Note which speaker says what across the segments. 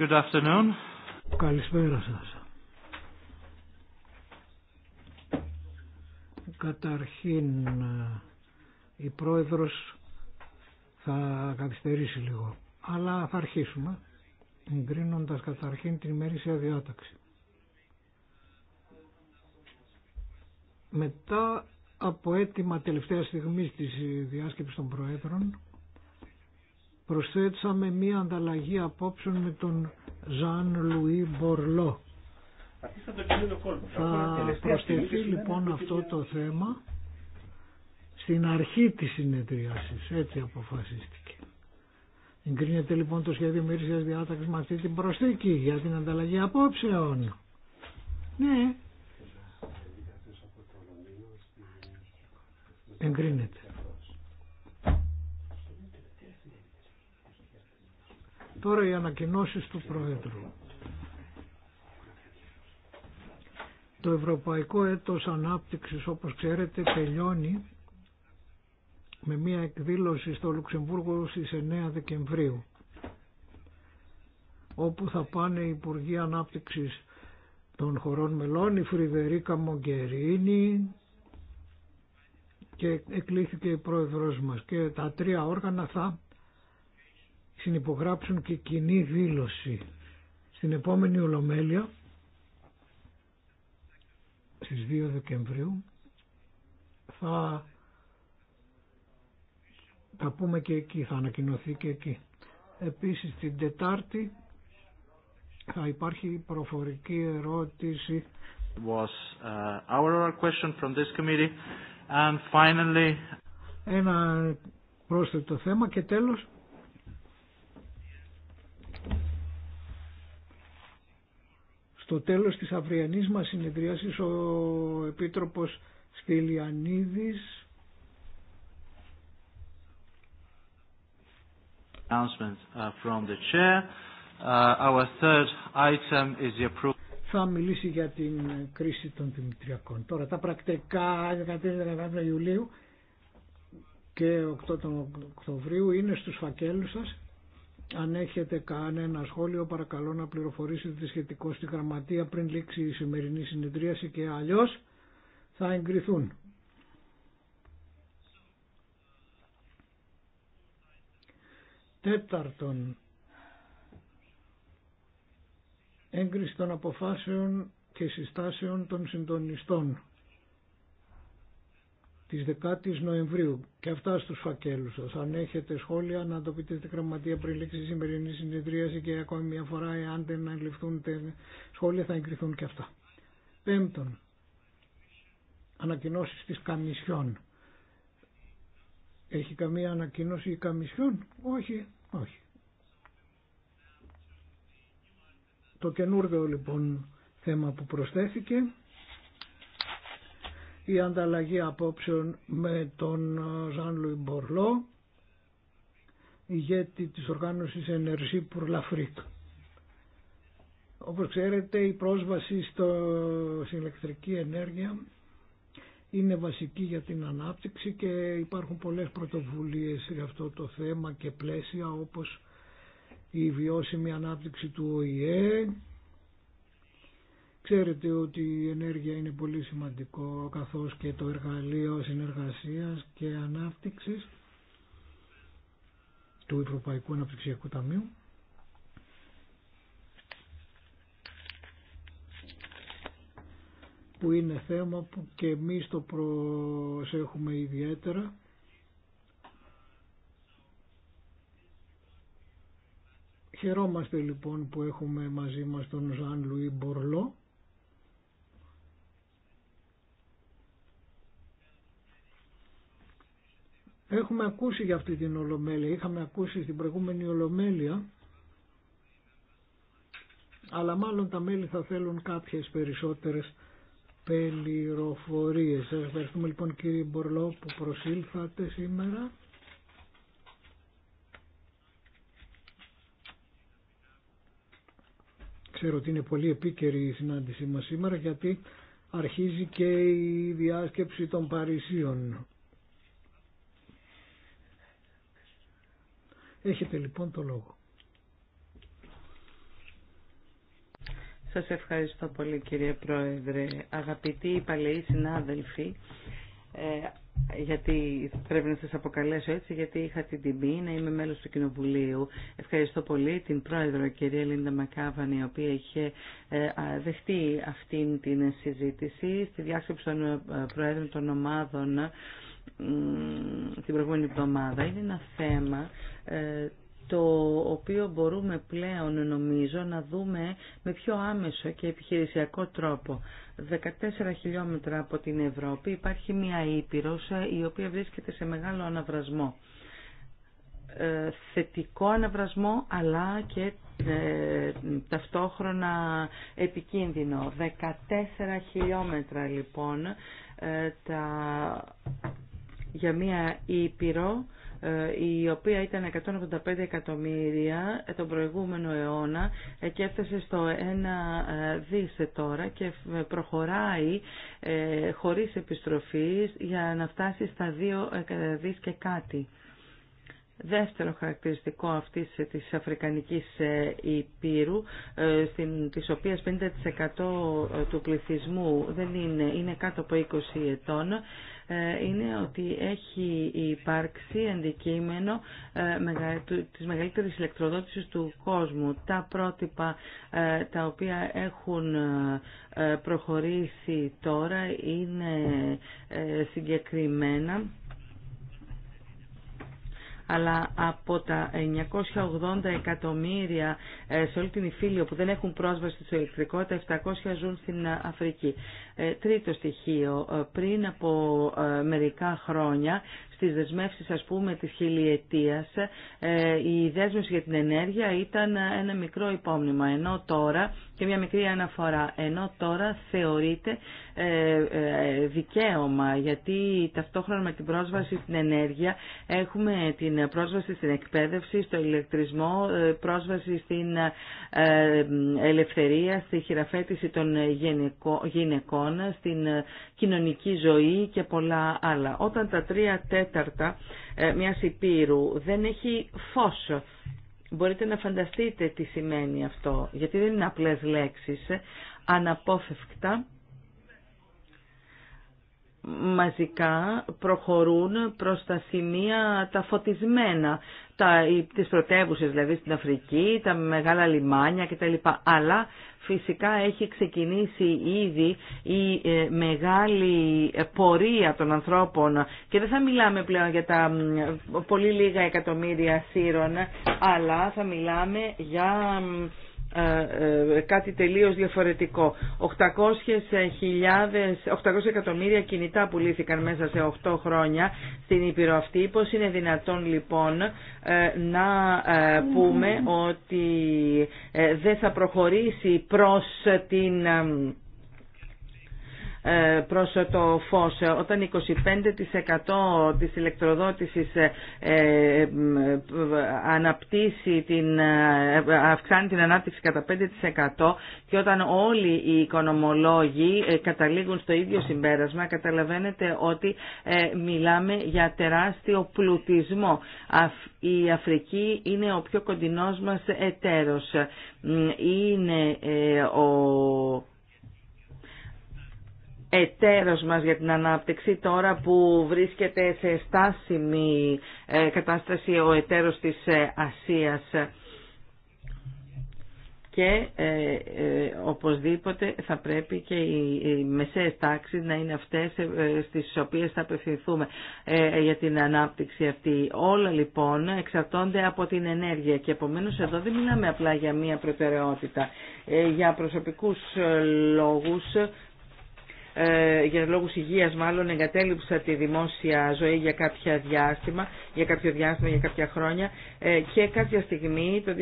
Speaker 1: Good afternoon.
Speaker 2: Καλησπέρα σας. Καταρχήν ε, η πρόεδρος θα καθυστερήσει λίγο, αλλά θα αρχίσουμε εγκρίνοντας καταρχήν την ημερήσια διάταξη. Μετά από αίτημα τελευταία στιγμής της διάσκεψης των Προέδρων, Προσθέτσαμε μία ανταλλαγή απόψεων με τον Ζαν Λουί Μπορλό.
Speaker 1: Θα προσθεθεί λοιπόν
Speaker 2: αυτό το θέμα στην αρχή της συνεδρίασης, έτσι αποφασίστηκε. Εγκρίνεται λοιπόν το σχέδιο μυρίσιας διάταξης με αυτή την προσθήκη για την ανταλλαγή απόψεων. Ναι. Εγκρίνεται. Τώρα οι ανακοινώσεις του Πρόεδρου. Το Ευρωπαϊκό Έτος Ανάπτυξης όπως ξέρετε τελειώνει με μια εκδήλωση στο Λουξεμβούργο στις 9 Δεκεμβρίου όπου θα πάνε οι Υπουργοί Ανάπτυξης των χωρών μελών, η Φρυδερίκα Μογκερίνη και εκλήθηκε η πρόεδρος μας και τα τρία όργανα θα συνυπογράψουν και κοινή δήλωση. Στην επόμενη Ολομέλεια, στις 2 Δεκεμβρίου, θα τα πούμε και εκεί, θα ανακοινωθεί και εκεί. Επίσης την Τετάρτη θα υπάρχει προφορική ερώτηση. Was, uh, our question from this committee. Ένα πρόσθετο θέμα και τέλος Στο τέλος της αυριανής μας συνεδρίασης ο Επίτροπος Στυλιανίδης uh, uh, θα μιλήσει για την κρίση των Δημητριακών. Τώρα τα πρακτικά 14 Ιουλίου και 8 Οκτωβρίου είναι στους φακέλους σας αν έχετε κανένα σχόλιο παρακαλώ να πληροφορήσετε σχετικό στη γραμματεία πριν λήξει η σημερινή συνεδρίαση και αλλιώς θα εγκριθούν. Τέταρτον, έγκριση των αποφάσεων και συστάσεων των συντονιστών της 10ης Νοεμβρίου και αυτά στους φακέλους σας. Αν έχετε σχόλια να το πείτε στη γραμματεία πριν λήξει η σημερινή συνεδρίαση και ακόμη μια φορά εάν δεν ληφθούν σχόλια θα εγκριθούν και αυτά. Πέμπτον, ανακοινώσεις της Καμισιόν. Έχει καμία ανακοίνωση η Καμισιόν? Όχι, όχι. Το καινούργιο λοιπόν θέμα που προσθέθηκε η ανταλλαγή απόψεων με τον Ζαν Λουι Μπορλό, ηγέτη της οργάνωσης Ενεργή Πουρλαφρίκ. Όπως ξέρετε η πρόσβαση στο, στην ηλεκτρική ενέργεια είναι βασική για την ανάπτυξη και υπάρχουν πολλές πρωτοβουλίες για αυτό το θέμα και πλαίσια όπως η βιώσιμη ανάπτυξη του ΟΗΕ Ξέρετε ότι η ενέργεια είναι πολύ σημαντικό καθώς και το εργαλείο συνεργασίας και ανάπτυξης του Ευρωπαϊκού Αναπτυξιακού Ταμείου. που είναι θέμα που και εμείς το προσέχουμε ιδιαίτερα Χαιρόμαστε λοιπόν που έχουμε μαζί μας τον Ζαν Λουί Μπορλό Έχουμε ακούσει για αυτή την Ολομέλεια, είχαμε ακούσει στην προηγούμενη Ολομέλεια, αλλά μάλλον τα μέλη θα θέλουν κάποιες περισσότερες πληροφορίε. Σας ευχαριστούμε λοιπόν κύριε Μπορλό που προσήλθατε σήμερα. Ξέρω ότι είναι πολύ επίκαιρη η συνάντησή μας σήμερα γιατί αρχίζει και η διάσκεψη των Παρισίων. Έχετε λοιπόν το λόγο. Σας ευχαριστώ πολύ κύριε Πρόεδρε.
Speaker 3: Αγαπητοί παλαιοί συνάδελφοι, ε, γιατί πρέπει να σας αποκαλέσω έτσι, γιατί είχα την τιμή να είμαι μέλος του Κοινοβουλίου. Ευχαριστώ πολύ την πρόεδρο κυρία Λίντα Μακάβανη, η οποία είχε ε, δεχτεί αυτήν την συζήτηση στη διάσκεψη των ε, πρόεδρων των ομάδων την προηγούμενη εβδομάδα είναι ένα θέμα ε, το οποίο μπορούμε πλέον νομίζω να δούμε με πιο άμεσο και επιχειρησιακό τρόπο. 14 χιλιόμετρα από την Ευρώπη υπάρχει μια Ήπειρος ε, η οποία βρίσκεται σε μεγάλο αναβρασμό. Ε, θετικό αναβρασμό αλλά και ταυτόχρονα επικίνδυνο. 14 χιλιόμετρα λοιπόν τα για μία Ήπειρο ε, η οποία ήταν 185 εκατομμύρια τον προηγούμενο αιώνα και έφτασε στο 1 ε, δις τώρα και προχωράει ε, χωρίς επιστροφής για να φτάσει στα 2 δις και κάτι. Δεύτερο χαρακτηριστικό αυτής της Αφρικανικής Υπήρου, στην, της οποίας 50% του πληθυσμού δεν είναι, είναι κάτω από 20 ετών, ε, είναι ότι έχει υπάρξει αντικείμενο ε, της μεγαλύτερης ηλεκτροδότησης του κόσμου. Τα πρότυπα ε, τα οποία έχουν προχωρήσει τώρα είναι συγκεκριμένα αλλά από τα 980 εκατομμύρια ε, σε όλη την Ιφίλιο που δεν έχουν πρόσβαση στο ηλεκτρικό, τα 700 ζουν στην Αφρική. Ε, τρίτο στοιχείο, ε, πριν από μερικά χρόνια στις δεσμεύσεις ας πούμε της χιλιετίας ε, η δέσμευση για την ενέργεια ήταν ένα μικρό υπόμνημα ενώ τώρα και μια μικρή αναφορά ενώ τώρα θεωρείται ε, ε, δικαίωμα γιατί ταυτόχρονα με την πρόσβαση στην ενέργεια έχουμε την πρόσβαση στην εκπαίδευση, στο ηλεκτρισμό, πρόσβαση στην ελευθερία, στη χειραφέτηση των γυναικών, στην κοινωνική ζωή και πολλά άλλα. Όταν τα τρία τέτοια μια ε, μιας υπήρου δεν έχει φως. Μπορείτε να φανταστείτε τι σημαίνει αυτό, γιατί δεν είναι απλές λέξεις, ε, αναπόφευκτα μαζικά προχωρούν προς τα σημεία τα φωτισμένα, τα, τις πρωτεύουσες δηλαδή στην Αφρική, τα μεγάλα λιμάνια κτλ. Αλλά φυσικά έχει ξεκινήσει ήδη η ε, μεγάλη πορεία των ανθρώπων και δεν θα μιλάμε πλέον για τα πολύ λίγα εκατομμύρια σύρων, αλλά θα μιλάμε για ε, ε, κάτι τελείως διαφορετικό. 800, εκατομμύρια κινητά πουλήθηκαν μέσα σε 8 χρόνια στην Ήπειρο αυτή. Πώς είναι δυνατόν λοιπόν ε, να πούμε ότι δεν θα προχωρήσει προς την ε, προς το φως. Όταν 25% της ηλεκτροδότησης ε, ε, αναπτύσσει την, αυξάνει την ανάπτυξη κατά 5% και όταν όλοι οι οικονομολόγοι καταλήγουν στο ίδιο συμπέρασμα καταλαβαίνετε ότι μιλάμε για τεράστιο πλουτισμό. Η Αφρική είναι ο πιο κοντινός μας εταίρος. Είναι ο εταίρος μας για την ανάπτυξη τώρα που βρίσκεται σε στάσιμη ε, κατάσταση ο εταίρος της ε, Ασίας και ε, ε, οπωσδήποτε θα πρέπει και οι, οι μεσαίες να είναι αυτές στις οποίες θα απευθυνθούμε για την ανάπτυξη αυτή. Όλα λοιπόν εξαρτώνται από την ενέργεια και επομένως εδώ δεν μιλάμε απλά για μία προτεραιότητα. Για προσωπικούς λόγους ε, για λόγους υγείας μάλλον εγκατέλειψα τη δημόσια ζωή για κάποια διάστημα, για κάποιο διάστημα, για κάποια χρόνια ε, και κάποια στιγμή το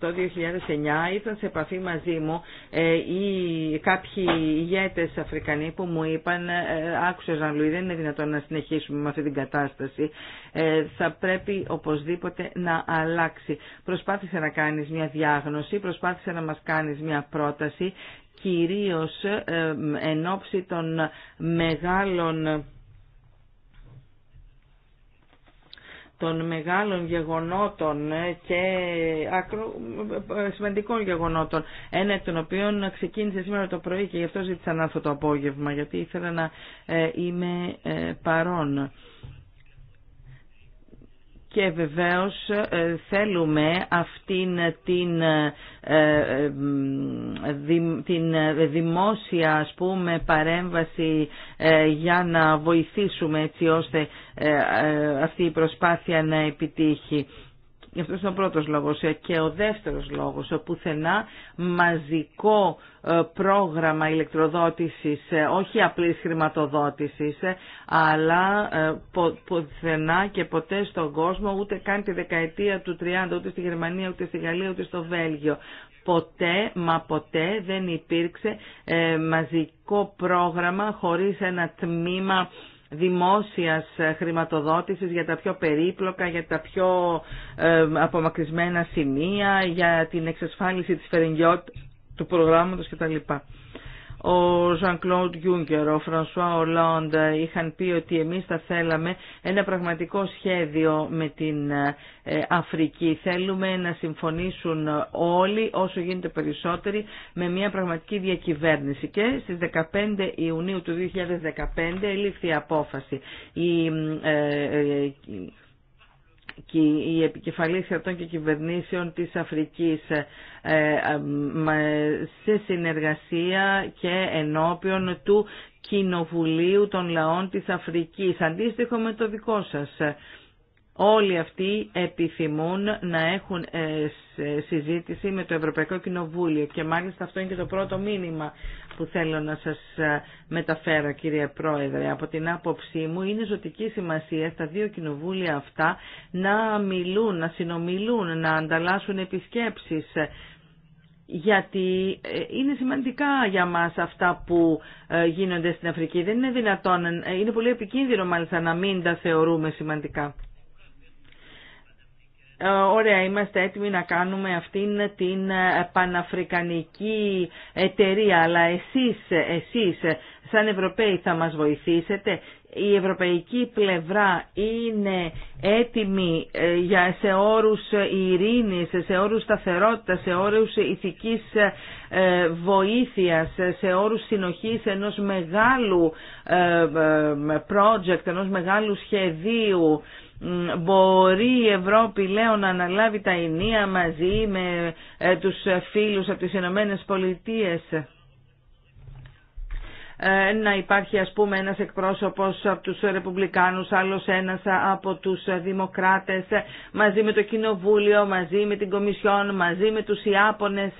Speaker 3: 2008-2009 ήταν σε επαφή μαζί μου ή ε, κάποιοι ηγέτες Αφρικανοί που μου είπαν άκουσε Ζανλουί δεν είναι δυνατόν να συνεχίσουμε με αυτή την κατάσταση θα πρέπει οπωσδήποτε να αλλάξει. Προσπάθησε να κάνεις μια διάγνωση, προσπάθησε να μας κάνεις μια πρόταση κυρίως εν ώψη των μεγάλων των μεγάλων γεγονότων και ακρο... Ε, σημαντικών γεγονότων, ένα εκ των οποίων ξεκίνησε σήμερα το πρωί και γι' αυτό ζήτησα να έρθω το απόγευμα, γιατί ήθελα να ε, είμαι ε, παρόν και βεβαίως ε, θέλουμε αυτήν την, ε, ε, την δημόσια πούμε παρέμβαση για να βοηθήσουμε έτσι ώστε αυτή η προσπάθεια να επιτύχει αυτό είναι ο πρώτος λόγος. Και ο δεύτερος λόγος, ο πουθενά μαζικό ε, πρόγραμμα ηλεκτροδότησης, ε, όχι απλής χρηματοδότησης, ε, αλλά πουθενά και ποτέ στον κόσμο, ούτε καν τη δεκαετία του 30, ούτε στη Γερμανία, ούτε στη Γαλλία, ούτε στο Βέλγιο. Ποτέ, μα ποτέ δεν υπήρξε μαζικό πρόγραμμα χωρίς ένα τμήμα δημόσιας ε, χρηματοδότησης για τα πιο περίπλοκα, για τα πιο ε, απομακρυσμένα σημεία, για την εξασφάλιση της φερενγιότητας του προγράμματος κτλ ο Jean-Claude Juncker, ο François Hollande είχαν πει ότι εμείς θα θέλαμε ένα πραγματικό σχέδιο με την ε, Αφρική. Θέλουμε να συμφωνήσουν όλοι όσο γίνεται περισσότεροι με μια πραγματική διακυβέρνηση. Και στις 15 Ιουνίου του 2015 ελήφθη η απόφαση. Η ε, ε, η επικεφαλής κρατών και κυβερνήσεων της Αφρικής ε, ε, ε, σε συνεργασία και ενώπιον του Κοινοβουλίου των Λαών της Αφρικής, αντίστοιχο με το δικό σας. Όλοι αυτοί επιθυμούν να έχουν ε, συζήτηση με το Ευρωπαϊκό Κοινοβούλιο και μάλιστα αυτό είναι και το πρώτο μήνυμα που θέλω να σας ε, μεταφέρω κύριε Πρόεδρε. Από την άποψή μου είναι ζωτική σημασία στα δύο κοινοβούλια αυτά να μιλούν, να συνομιλούν, να ανταλλάσσουν επισκέψεις ε, γιατί είναι σημαντικά για μας αυτά που γίνονται στην Αφρική. Δεν είναι δυνατόν, είναι πολύ επικίνδυνο μάλιστα να μην τα θεωρούμε σημαντικά. Ε, ωραία, είμαστε έτοιμοι να κάνουμε αυτήν την ε, παναφρικανική εταιρεία, αλλά εσείς, ε, εσείς σαν Ευρωπαίοι θα μας βοηθήσετε. Η ευρωπαϊκή πλευρά είναι έτοιμη για, σε όρους ειρήνης, σε όρους σταθερότητας, σε όρους ηθικής βοήθειας, σε όρους συνοχής ενός μεγάλου project, ενός μεγάλου σχεδίου Μπορεί η Ευρώπη, λέω, να αναλάβει τα ενία μαζί με ε, τους φίλους από τις Ηνωμένε Πολιτείες ε, να υπάρχει ας πούμε ένας εκπρόσωπος από τους Ρεπουμπλικάνους, άλλος ένας από τους Δημοκράτες, μαζί με το Κοινοβούλιο, μαζί με την Κομισιόν, μαζί με τους Ιάπωνες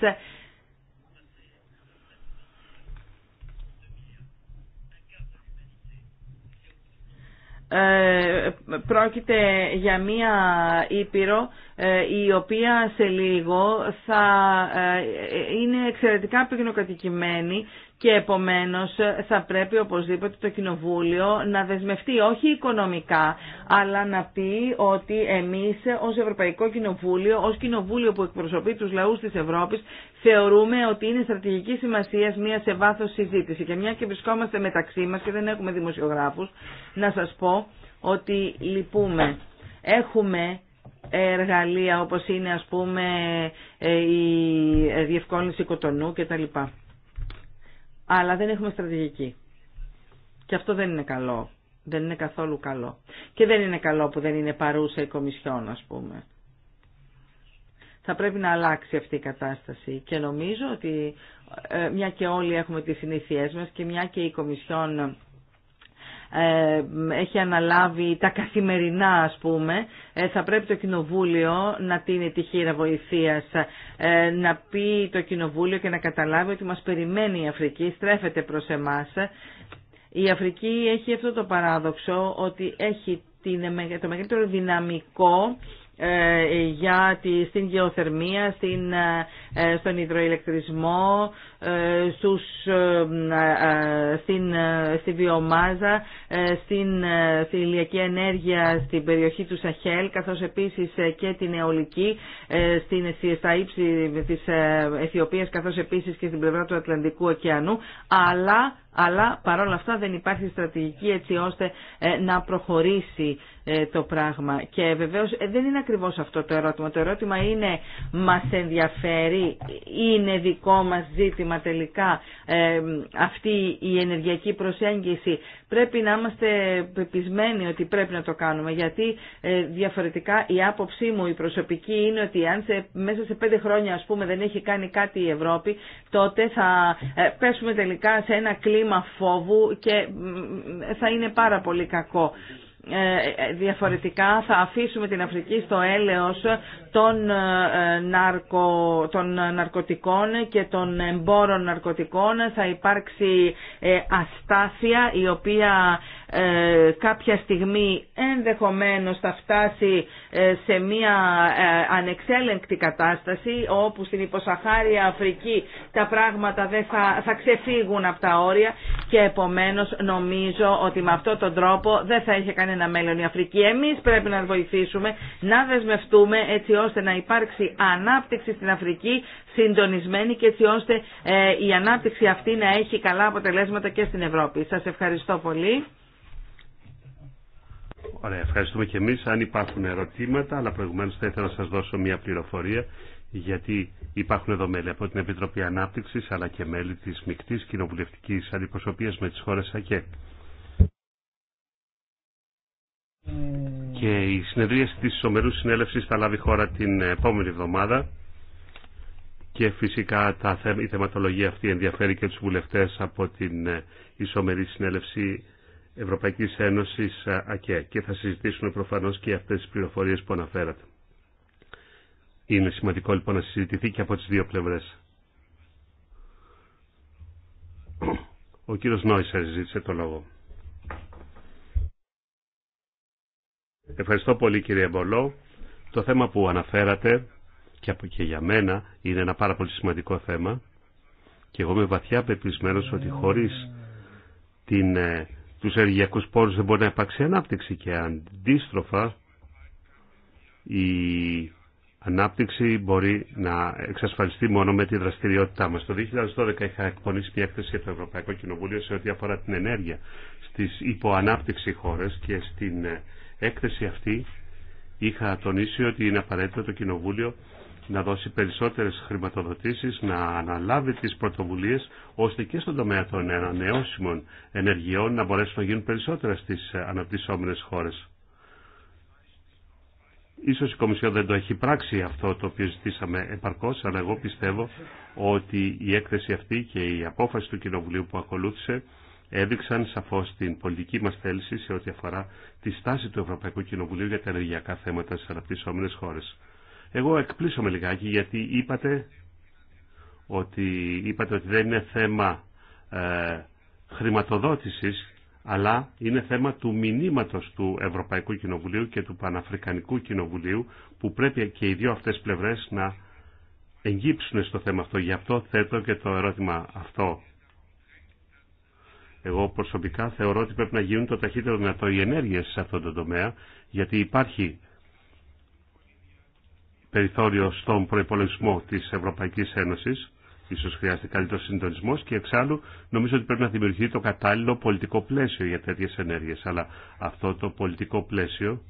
Speaker 3: Ε, πρόκειται για μία ήπειρο ε, η οποία σε λίγο θα ε, είναι εξαιρετικά πυκνοκατοικημένη και επομένως θα πρέπει οπωσδήποτε το Κοινοβούλιο να δεσμευτεί όχι οικονομικά αλλά να πει ότι εμείς ως Ευρωπαϊκό Κοινοβούλιο, ως Κοινοβούλιο που εκπροσωπεί τους λαούς της Ευρώπης θεωρούμε ότι είναι στρατηγική σημασία μια σε βάθος συζήτηση και μια και βρισκόμαστε μεταξύ μας και δεν έχουμε δημοσιογράφους να σας πω ότι λυπούμε. Έχουμε εργαλεία όπως είναι ας πούμε ε, η διευκόλυνση κοτονού κτλ αλλά δεν έχουμε στρατηγική. Και αυτό δεν είναι καλό. Δεν είναι καθόλου καλό. Και δεν είναι καλό που δεν είναι παρούσα η Κομισιόν, ας πούμε. Θα πρέπει να αλλάξει αυτή η κατάσταση και νομίζω ότι ε, μια και όλοι έχουμε τις συνήθειές μας και μια και η Κομισιόν ε, έχει αναλάβει τα καθημερινά ας πούμε, ε, θα πρέπει το Κοινοβούλιο να τίνει τη χείρα βοηθείας, ε, να πει το Κοινοβούλιο και να καταλάβει ότι μας περιμένει η Αφρική, στρέφεται προς εμάς. Η Αφρική έχει αυτό το παράδοξο ότι έχει το μεγαλύτερο δυναμικό ε, για τη, στην γεωθερμία, στην, ε, στον υδροηλεκτρισμό, ε, στους, στην, στη βιομάζα, στην, στη ηλιακή ενέργεια στην περιοχή του Σαχέλ, καθώς επίσης και την αιωλική στην, στα ύψη της Αιθιοπίας, καθώς επίσης και στην πλευρά του Ατλαντικού ωκεανού, αλλά αλλά παρόλα αυτά δεν υπάρχει στρατηγική έτσι ώστε ε, να προχωρήσει ε, το πράγμα. Και βεβαίως ε, δεν είναι ακριβώς αυτό το ερώτημα. Το ερώτημα είναι μας ενδιαφέρει, είναι δικό μας ζήτημα τελικά αυτή η ενεργειακή προσέγγιση. Πρέπει να είμαστε πεπισμένοι ότι πρέπει να το κάνουμε γιατί διαφορετικά η άποψή μου η προσωπική είναι ότι αν σε, μέσα σε πέντε χρόνια ας πούμε δεν έχει κάνει κάτι η Ευρώπη τότε θα πέσουμε τελικά σε ένα κλίμα κλίμα φόβου και θα είναι πάρα πολύ κακό. Ε, ε, διαφορετικά θα αφήσουμε την Αφρική στο έλεος των, ε, ναρκο, των ναρκωτικών και των εμπόρων ναρκωτικών. Θα υπάρξει αστάθεια η οποία κάποια στιγμή ενδεχομένως θα φτάσει σε μια ανεξέλεγκτη κατάσταση όπου στην υποσαχάρια Αφρική τα πράγματα δεν θα, θα ξεφύγουν από τα όρια και επομένως νομίζω ότι με αυτόν τον τρόπο δεν θα έχει κανένα ένα μέλλον η Αφρική. Εμεί πρέπει να βοηθήσουμε να δεσμευτούμε έτσι ώστε να υπάρξει ανάπτυξη στην Αφρική συντονισμένη και έτσι ώστε ε, η ανάπτυξη αυτή να έχει καλά αποτελέσματα και στην Ευρώπη. Σα ευχαριστώ πολύ.
Speaker 1: Ωραία, ευχαριστούμε και εμείς. Αν υπάρχουν ερωτήματα, αλλά προηγουμένως θα ήθελα να σας δώσω μια πληροφορία, γιατί υπάρχουν εδώ μέλη από την Επιτροπή Ανάπτυξης, αλλά και μέλη της Μικτής κοινοβουλευτική Αντιπροσωπείας με τις χώρες ΑΚΕ. Και η συνεδρίαση της Ισομερούς Συνέλευσης θα λάβει χώρα την επόμενη εβδομάδα και φυσικά τα, η θεματολογία αυτή ενδιαφέρει και τους βουλευτές από την ε, Ισομερή Συνέλευση Ευρωπαϊκής Ένωσης ε, ΑΚΕ και θα συζητήσουν προφανώς και αυτές τις πληροφορίες που αναφέρατε. Είναι σημαντικό λοιπόν να συζητηθεί και από τις δύο πλευρές. Ο κύριος Νόησερ ζήτησε το λόγο. Ευχαριστώ πολύ κύριε Μπολό. Το θέμα που αναφέρατε και από και για μένα είναι ένα πάρα πολύ σημαντικό θέμα και εγώ είμαι βαθιά πεπισμένος ότι χωρίς την, ε, τους ενεργειακούς πόρους δεν μπορεί να υπάρξει ανάπτυξη και αντίστροφα η ανάπτυξη μπορεί να εξασφαλιστεί μόνο με τη δραστηριότητά μας. Το 2012 είχα εκπονήσει μια έκθεση για το Ευρωπαϊκό Κοινοβούλιο σε ό,τι αφορά την ενέργεια στις υποανάπτυξη χώρες και στην ε, έκθεση αυτή είχα τονίσει ότι είναι απαραίτητο το Κοινοβούλιο να δώσει περισσότερες χρηματοδοτήσεις, να αναλάβει τις πρωτοβουλίες, ώστε και στον τομέα των ανανεώσιμων ενεργειών να μπορέσουν να γίνουν περισσότερα στις αναπτυσσόμενες χώρες. Ίσως η Κομισιόν δεν το έχει πράξει αυτό το οποίο ζητήσαμε επαρκώς, αλλά εγώ πιστεύω ότι η έκθεση αυτή και η απόφαση του Κοινοβουλίου που ακολούθησε έδειξαν σαφώς την πολιτική μας θέληση σε ό,τι αφορά τη στάση του Ευρωπαϊκού Κοινοβουλίου για τα ενεργειακά θέματα στι αναπτυσσόμενε χώρες. Εγώ εκπλήσω με λιγάκι γιατί είπατε ότι, είπατε ότι δεν είναι θέμα ε, χρηματοδότησης αλλά είναι θέμα του μηνύματος του Ευρωπαϊκού Κοινοβουλίου και του Παναφρικανικού Κοινοβουλίου που πρέπει και οι δύο αυτές πλευρές να εγγύψουν στο θέμα αυτό. Γι' αυτό θέτω και το ερώτημα αυτό εγώ προσωπικά θεωρώ ότι πρέπει να γίνουν το ταχύτερο δυνατό οι ενέργειε σε αυτόν τον τομέα, γιατί υπάρχει περιθώριο στον προπολογισμό τη Ευρωπαϊκή Ένωση, ίσως χρειάζεται καλύτερο συντονισμό, και εξάλλου νομίζω ότι πρέπει να δημιουργηθεί το κατάλληλο πολιτικό πλαίσιο για τέτοιε ενέργειε, Αλλά αυτό το πολιτικό πλαίσιο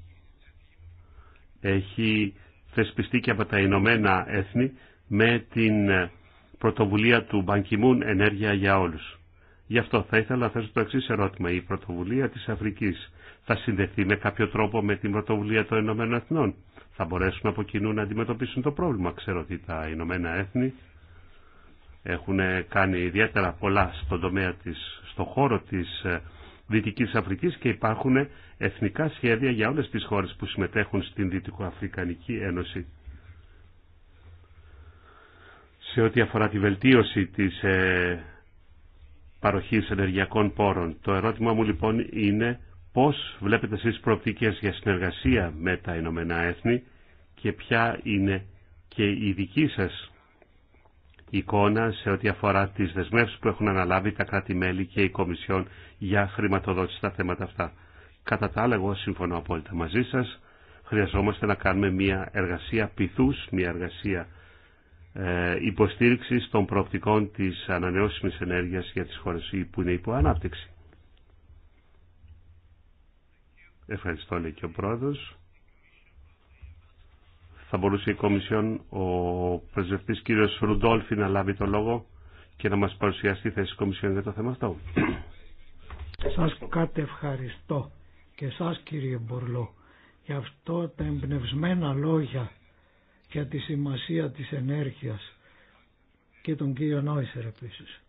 Speaker 1: έχει θεσπιστεί και από τα Ηνωμένα Έθνη με την πρωτοβουλία του Μπανκιμούν Ενέργεια για Όλους. Γι' αυτό θα ήθελα να θέσω το εξή ερώτημα. Η πρωτοβουλία της Αφρικής θα συνδεθεί με κάποιο τρόπο με την πρωτοβουλία των Ηνωμένων Εθνών. Θα μπορέσουν από κοινού να αντιμετωπίσουν το πρόβλημα. Ξέρω ότι τα Ηνωμένα Έθνη έχουν κάνει ιδιαίτερα πολλά στον τομέα της, στον χώρο της ε, Δυτικής Αφρικής και υπάρχουν εθνικά σχέδια για όλες τις χώρες που συμμετέχουν στην Δυτικοαφρικανική Ένωση. Σε ό,τι αφορά τη βελτίωση της ε, παροχής ενεργειακών πόρων. Το ερώτημα μου λοιπόν είναι πώς βλέπετε εσείς προοπτικές για συνεργασία με τα Ηνωμένα Έθνη και ποια είναι και η δική σας εικόνα σε ό,τι αφορά τις δεσμεύσεις που έχουν αναλάβει τα κράτη-μέλη και η Κομισιόν για χρηματοδότηση στα θέματα αυτά. Κατά τα άλλα, εγώ συμφωνώ απόλυτα μαζί σας. Χρειαζόμαστε να κάνουμε μια εργασία πυθούς, μια εργασία ε, υποστήριξη των προοπτικών της ανανεώσιμη ενέργειας για τις χώρες που είναι υπό ανάπτυξη. Ευχαριστώ λέει και ο πρόεδρος. Θα μπορούσε η Κομισιόν ο πρεσβευτής κύριο Ρουντόλφι να λάβει το λόγο και να μας παρουσιάσει θέση τη Κομισιόν για το θέμα αυτό.
Speaker 2: Σας ευχαριστώ και σας κύριε Μπορλό για αυτό τα εμπνευσμένα λόγια για τη σημασία της ενέργειας και τον κύριο Νόησερ επίσης.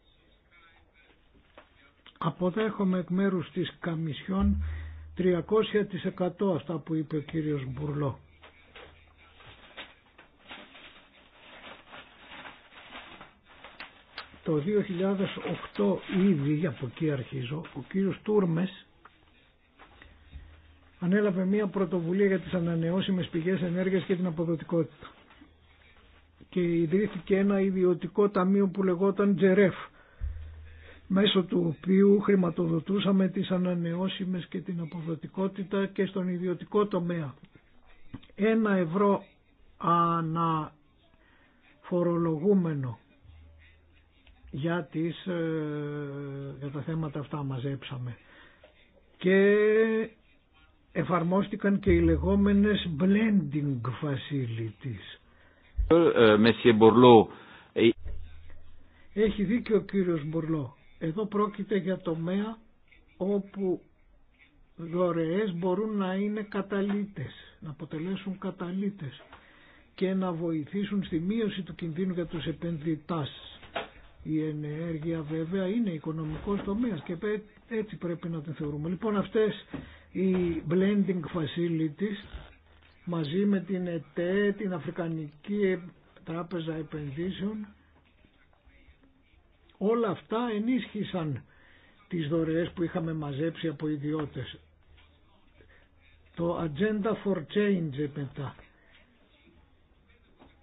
Speaker 2: Αποδέχομαι εκ μέρους της Καμισιόν 300% αυτά που είπε ο κύριος Μπουρλό. Το 2008 ήδη, από εκεί αρχίζω, ο κύριος Τούρμες ανέλαβε μία πρωτοβουλία για τις ανανεώσιμες πηγές ενέργειας και την αποδοτικότητα και ιδρύθηκε ένα ιδιωτικό ταμείο που λεγόταν Τζερεφ μέσω του οποίου χρηματοδοτούσαμε τις ανανεώσιμες και την αποδοτικότητα και στον ιδιωτικό τομέα. Ένα ευρώ αναφορολογούμενο για, τις, ε, για τα θέματα αυτά μαζέψαμε. Και εφαρμόστηκαν και οι λεγόμενες blending facilities έχει δίκιο ο κύριος Μπουρλό. Εδώ πρόκειται για τομέα όπου δωρεές μπορούν να είναι καταλύτες, να αποτελέσουν καταλύτες και να βοηθήσουν στη μείωση του κινδύνου για τους επενδυτάς. Η ενέργεια βέβαια είναι οικονομικός τομέας και έτσι πρέπει να την θεωρούμε. Λοιπόν αυτές οι blending facilities μαζί με την ΕΤΕ, την Αφρικανική Τράπεζα Επενδύσεων. Όλα αυτά ενίσχυσαν τις δωρεές που είχαμε μαζέψει από ιδιώτες. Το Agenda for Change μετά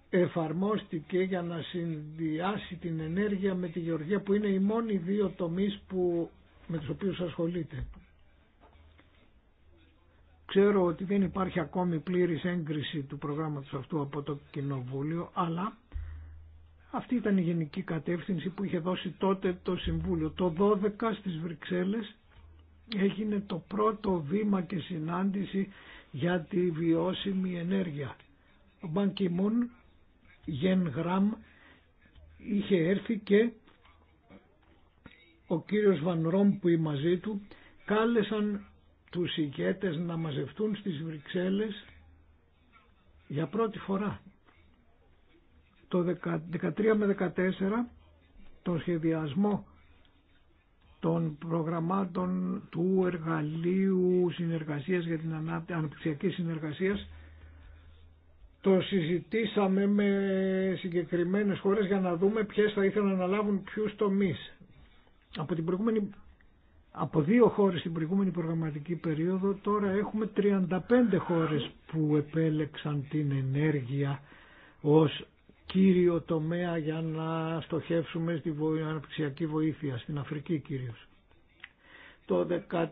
Speaker 2: εφαρμόστηκε για να συνδυάσει την ενέργεια με τη γεωργία που είναι οι μόνοι δύο τομείς που, με τους οποίους ασχολείται. Ξέρω ότι δεν υπάρχει ακόμη πλήρης έγκριση του προγράμματος αυτού από το Κοινοβούλιο, αλλά αυτή ήταν η γενική κατεύθυνση που είχε δώσει τότε το Συμβούλιο. Το 12 στις Βρυξέλλες έγινε το πρώτο βήμα και συνάντηση για τη βιώσιμη ενέργεια. Ο Μπαν Γεν Γραμ είχε έρθει και ο κύριος Βαν Ρόμπουι μαζί του κάλεσαν τους ηγέτες να μαζευτούν στις Βρυξέλλες για πρώτη φορά. Το 13 με 14 τον σχεδιασμό των προγραμμάτων του εργαλείου συνεργασίας για την αναπτυξιακή συνεργασία το συζητήσαμε με συγκεκριμένες χώρες για να δούμε ποιες θα ήθελαν να λάβουν ποιους τομείς. Από την προηγούμενη από δύο χώρες στην προηγούμενη προγραμματική περίοδο τώρα έχουμε 35 χώρες που επέλεξαν την ενέργεια ως κύριο τομέα για να στοχεύσουμε στη αναπτυξιακή βοήθεια, στην Αφρική κυρίως. Το 2014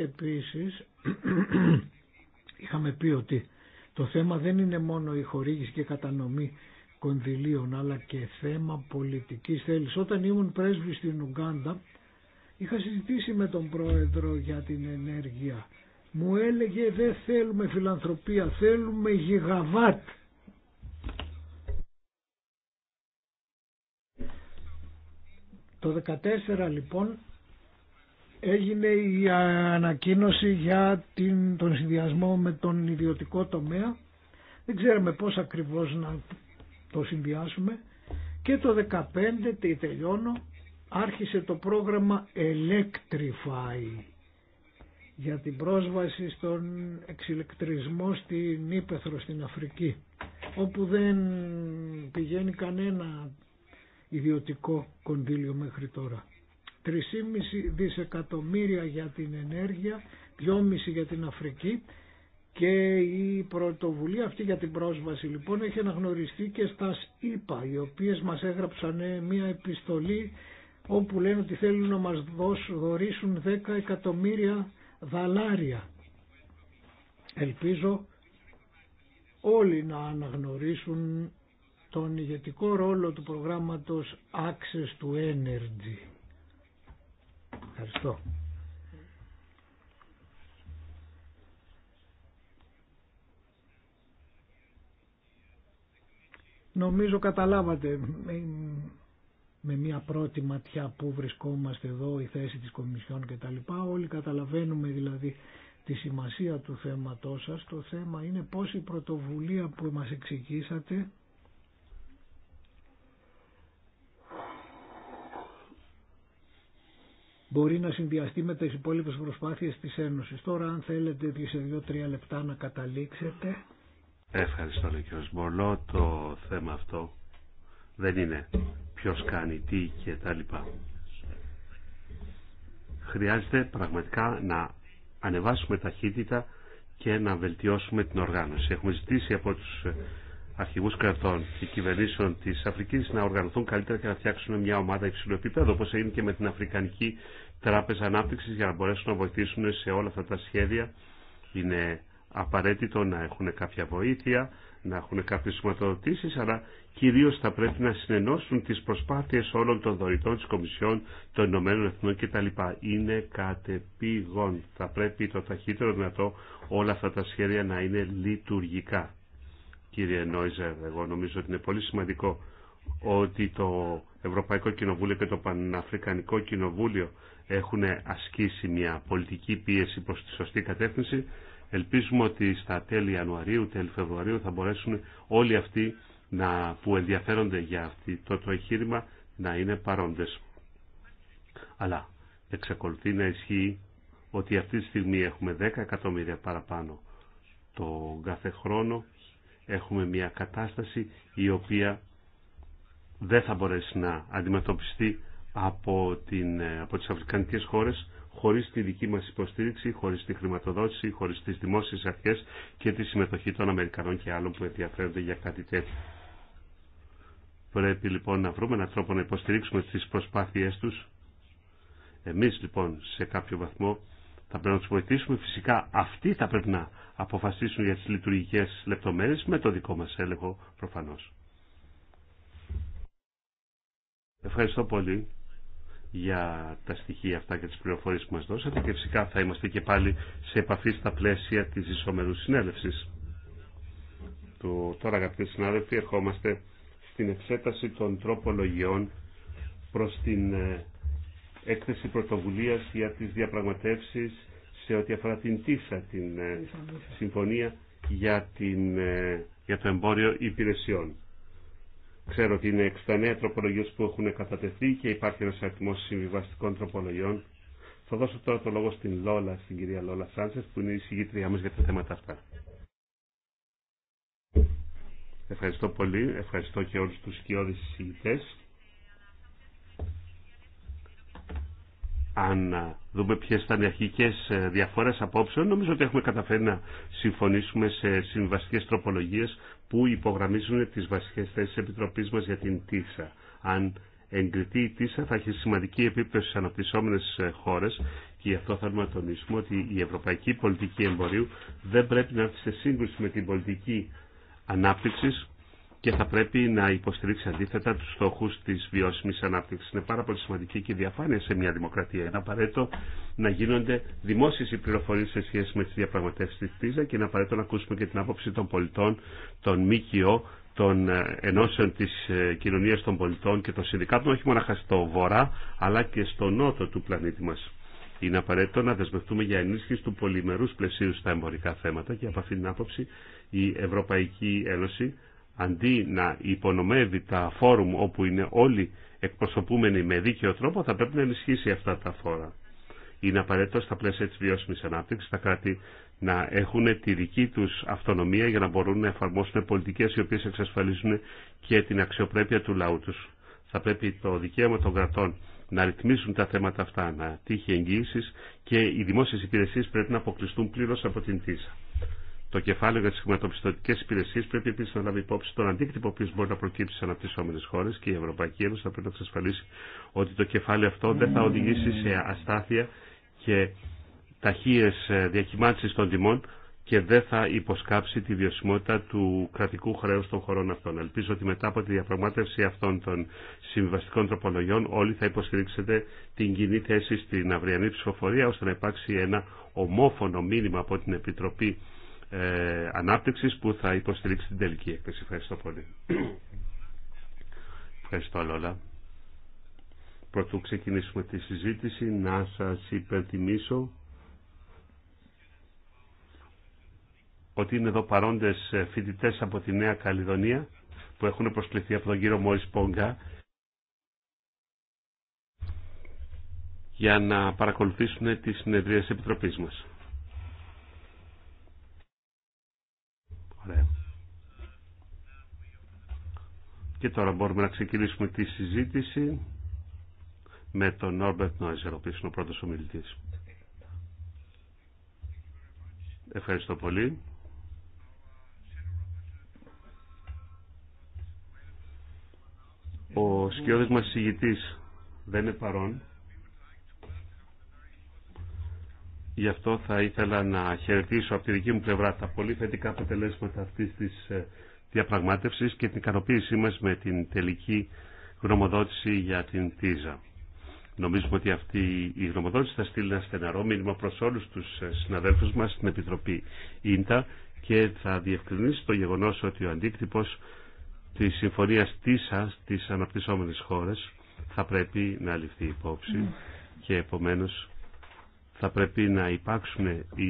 Speaker 2: επίσης είχαμε πει ότι το θέμα δεν είναι μόνο η χορήγηση και κατανομή κονδυλίων αλλά και θέμα πολιτικής θέλησης. Όταν ήμουν πρέσβη στην Ουγγάντα Είχα συζητήσει με τον πρόεδρο για την ενέργεια. Μου έλεγε δεν θέλουμε φιλανθρωπία, θέλουμε γιγαβάτ. Το 14 λοιπόν έγινε η ανακοίνωση για την, τον συνδυασμό με τον ιδιωτικό τομέα. Δεν ξέρουμε πώς ακριβώς να το συνδυάσουμε. Και το 15 τελειώνω άρχισε το πρόγραμμα Electrify για την πρόσβαση στον εξηλεκτρισμό στην Ήπεθρο, στην Αφρική, όπου δεν πηγαίνει κανένα ιδιωτικό κονδύλιο μέχρι τώρα. 3,5 δισεκατομμύρια για την ενέργεια, 2,5 για την Αφρική και η πρωτοβουλία αυτή για την πρόσβαση λοιπόν έχει αναγνωριστεί και στα ΣΥΠΑ, οι οποίες μας έγραψαν μια επιστολή όπου λένε ότι θέλουν να μας δώσουν, δωρήσουν 10 εκατομμύρια δαλάρια. Ελπίζω όλοι να αναγνωρίσουν τον ηγετικό ρόλο του προγράμματος Access to Energy. Ευχαριστώ. Νομίζω καταλάβατε με μια πρώτη ματιά που βρισκόμαστε εδώ, η θέση της Κομισιόν λοιπά Όλοι καταλαβαίνουμε δηλαδή τη σημασία του θέματός σας. Το θέμα είναι πώς η πρωτοβουλία που μας εξηγήσατε μπορεί να συνδυαστεί με τις υπόλοιπες προσπάθειες της Ένωσης. Τώρα αν θέλετε σε δύο-τρία λεπτά να καταλήξετε.
Speaker 1: Ευχαριστώ λέει Μπολό. Το θέμα αυτό δεν είναι ποιος κάνει τι και τα λοιπά. Χρειάζεται πραγματικά να ανεβάσουμε ταχύτητα και να βελτιώσουμε την οργάνωση. Έχουμε ζητήσει από τους ε, αρχηγούς κρατών και κυβερνήσεων της Αφρικής να οργανωθούν καλύτερα και να φτιάξουν μια ομάδα υψηλού επίπεδου, όπως έγινε και με την Αφρικανική Τράπεζα Ανάπτυξης, για να μπορέσουν να βοηθήσουν σε όλα αυτά τα σχέδια. Είναι απαραίτητο να έχουν κάποια βοήθεια, να έχουν κάποιες σηματοδοτήσεις, αλλά κυρίως θα πρέπει να συνενώσουν τις προσπάθειες όλων των δωρητών της Κομισιόν, των Ηνωμένων Εθνών κτλ. Είναι κατεπήγον. Θα πρέπει το ταχύτερο δυνατό όλα αυτά τα σχέδια να είναι λειτουργικά. Κύριε Νόιζερ, εγώ νομίζω ότι είναι πολύ σημαντικό ότι το Ευρωπαϊκό Κοινοβούλιο και το Παναφρικανικό Κοινοβούλιο έχουν ασκήσει μια πολιτική πίεση προς τη σωστή κατεύθυνση Ελπίζουμε ότι στα τέλη Ιανουαρίου, τέλη Φεβρουαρίου θα μπορέσουν όλοι αυτοί να, που ενδιαφέρονται για αυτό το, το εγχείρημα να είναι παρόντες. Αλλά εξακολουθεί να ισχύει ότι αυτή τη στιγμή έχουμε 10 εκατομμύρια παραπάνω το κάθε χρόνο. Έχουμε μια κατάσταση η οποία δεν θα μπορέσει να αντιμετωπιστεί από, την, από τις αφρικανικές χώρες χωρίς τη δική μας υποστήριξη, χωρίς τη χρηματοδότηση, χωρίς τις δημόσιες αρχές και τη συμμετοχή των Αμερικανών και άλλων που ενδιαφέρονται για κάτι τέτοιο. Πρέπει λοιπόν να βρούμε έναν τρόπο να υποστηρίξουμε τις προσπάθειές τους. Εμείς λοιπόν σε κάποιο βαθμό θα πρέπει να τους βοηθήσουμε. Φυσικά αυτοί θα πρέπει να αποφασίσουν για τις λειτουργικές λεπτομέρειες με το δικό μας έλεγχο προφανώς. Ευχαριστώ πολύ για τα στοιχεία αυτά και τις πληροφορίες που μας δώσατε και φυσικά θα είμαστε και πάλι σε επαφή στα πλαίσια της ισομερούς συνέλευσης. Το, τώρα αγαπητοί συνάδελφοι ερχόμαστε στην εξέταση των τροπολογιών προς την ε, έκθεση πρωτοβουλίας για τις διαπραγματεύσεις σε ό,τι αφορά την ΤΙΣΑ, την ε, Συμφωνία για, την, ε, για το Εμπόριο Υπηρεσιών. Ξέρω ότι είναι 69 τροπολογίες που έχουν κατατεθεί και υπάρχει ένα αριθμό συμβιβαστικών τροπολογιών. Θα δώσω τώρα το λόγο στην Λόλα, στην κυρία Λόλα Σάντσε, που είναι η συγγήτριά μα για τα θέματα αυτά. Ευχαριστώ πολύ. Ευχαριστώ και όλους τους κοιόδη συγγητές. αν ε, δούμε ποιε ήταν οι αρχικέ ε, διαφορέ απόψεων, νομίζω ότι έχουμε καταφέρει να συμφωνήσουμε σε συμβαστικέ τροπολογίε που υπογραμμίζουν τι βασικέ θέσει τη Επιτροπή μα για την ΤΙΣΑ. Αν εγκριθεί η ΤΙΣΑ, θα έχει σημαντική επίπτωση στι αναπτυσσόμενε ε, χώρε και γι' αυτό θέλουμε να τονίσουμε ότι η ευρωπαϊκή πολιτική εμπορίου δεν πρέπει να έρθει σε σύγκρουση με την πολιτική ανάπτυξη και θα πρέπει να υποστηρίξει αντίθετα του στόχου τη βιώσιμη ανάπτυξη, Είναι πάρα πολύ σημαντική και η διαφάνεια σε μια δημοκρατία. Είναι απαραίτητο να γίνονται δημόσιε οι πληροφορίε σε σχέση με τι διαπραγματεύσει τη ΤΙΖΑ και είναι απαραίτητο να ακούσουμε και την άποψη των πολιτών, των ΜΚΟ, των ε, ενώσεων τη ε, κοινωνία των πολιτών και των συνδικάτων, όχι μόνο στο βορρά, αλλά και στο νότο του πλανήτη μα. Είναι απαραίτητο να δεσμευτούμε για ενίσχυση του πολυμερού πλαισίου στα εμπορικά θέματα και από αυτή την άποψη η Ευρωπαϊκή Ένωση αντί να υπονομεύει τα φόρουμ όπου είναι όλοι εκπροσωπούμενοι με δίκαιο τρόπο, θα πρέπει να ενισχύσει αυτά τα φόρα. Είναι απαραίτητο στα πλαίσια τη βιώσιμη ανάπτυξη τα κράτη να έχουν τη δική του αυτονομία για να μπορούν να εφαρμόσουν πολιτικέ οι οποίε εξασφαλίζουν και την αξιοπρέπεια του λαού του. Θα πρέπει το δικαίωμα των κρατών να ρυθμίσουν τα θέματα αυτά, να τύχει εγγύηση και οι δημόσιε υπηρεσίε πρέπει να αποκλειστούν πλήρω από την ΤΙΣΑ. Το κεφάλαιο για τι χρηματοπιστωτικέ υπηρεσίε πρέπει επίση να λάβει υπόψη τον αντίκτυπο που μπορεί να προκύψει στι αναπτυσσόμενε χώρε και η Ευρωπαϊκή Ένωση θα πρέπει να εξασφαλίσει ότι το κεφάλαιο αυτό δεν θα οδηγήσει σε αστάθεια και ταχύε διακυμάνσει των τιμών και δεν θα υποσκάψει τη βιωσιμότητα του κρατικού χρέου των χωρών αυτών. Ελπίζω ότι μετά από τη διαπραγμάτευση αυτών των συμβαστικών τροπολογιών όλοι θα υποστηρίξετε την κοινή θέση στην αυριανή ψηφοφορία ώστε να υπάρξει ένα ομόφωνο μήνυμα από την Επιτροπή ε, ανάπτυξης που θα υποστηρίξει την τελική έκθεση. Ευχαριστώ πολύ. Ευχαριστώ Λόλα. Πρωτού ξεκινήσουμε τη συζήτηση, να σας υπενθυμίσω ότι είναι εδώ παρόντες φοιτητές από τη Νέα Καλλιδονία που έχουν προσκληθεί από τον κύριο Μόρις Πόγκα για να παρακολουθήσουν τις συνεδρίες της Επιτροπής μας. Και τώρα μπορούμε να ξεκινήσουμε τη συζήτηση με τον Νόρμπερτ Νόιζερ, ο οποίος είναι ο πρώτος ομιλητής. Ευχαριστώ πολύ. Ο σκιώδης μας συγητής δεν είναι παρόν. Γι' αυτό θα ήθελα να χαιρετήσω από τη δική μου πλευρά τα πολύ θετικά αποτελέσματα αυτής της ε, διαπραγμάτευσης και την ικανοποίησή μας με την τελική γνωμοδότηση για την ΤΙΖΑ. Νομίζουμε ότι αυτή η γνωμοδότηση θα στείλει ένα στεναρό μήνυμα προς όλους τους ε, συναδέλφους μας στην Επιτροπή ΙΝΤΑ και θα διευκρινίσει το γεγονός ότι ο αντίκτυπος της συμφωνίας ΤΙΣΑ στις αναπτυσσόμενες χώρες θα πρέπει να ληφθεί υπόψη και επομένως θα πρέπει να υπάρξουν οι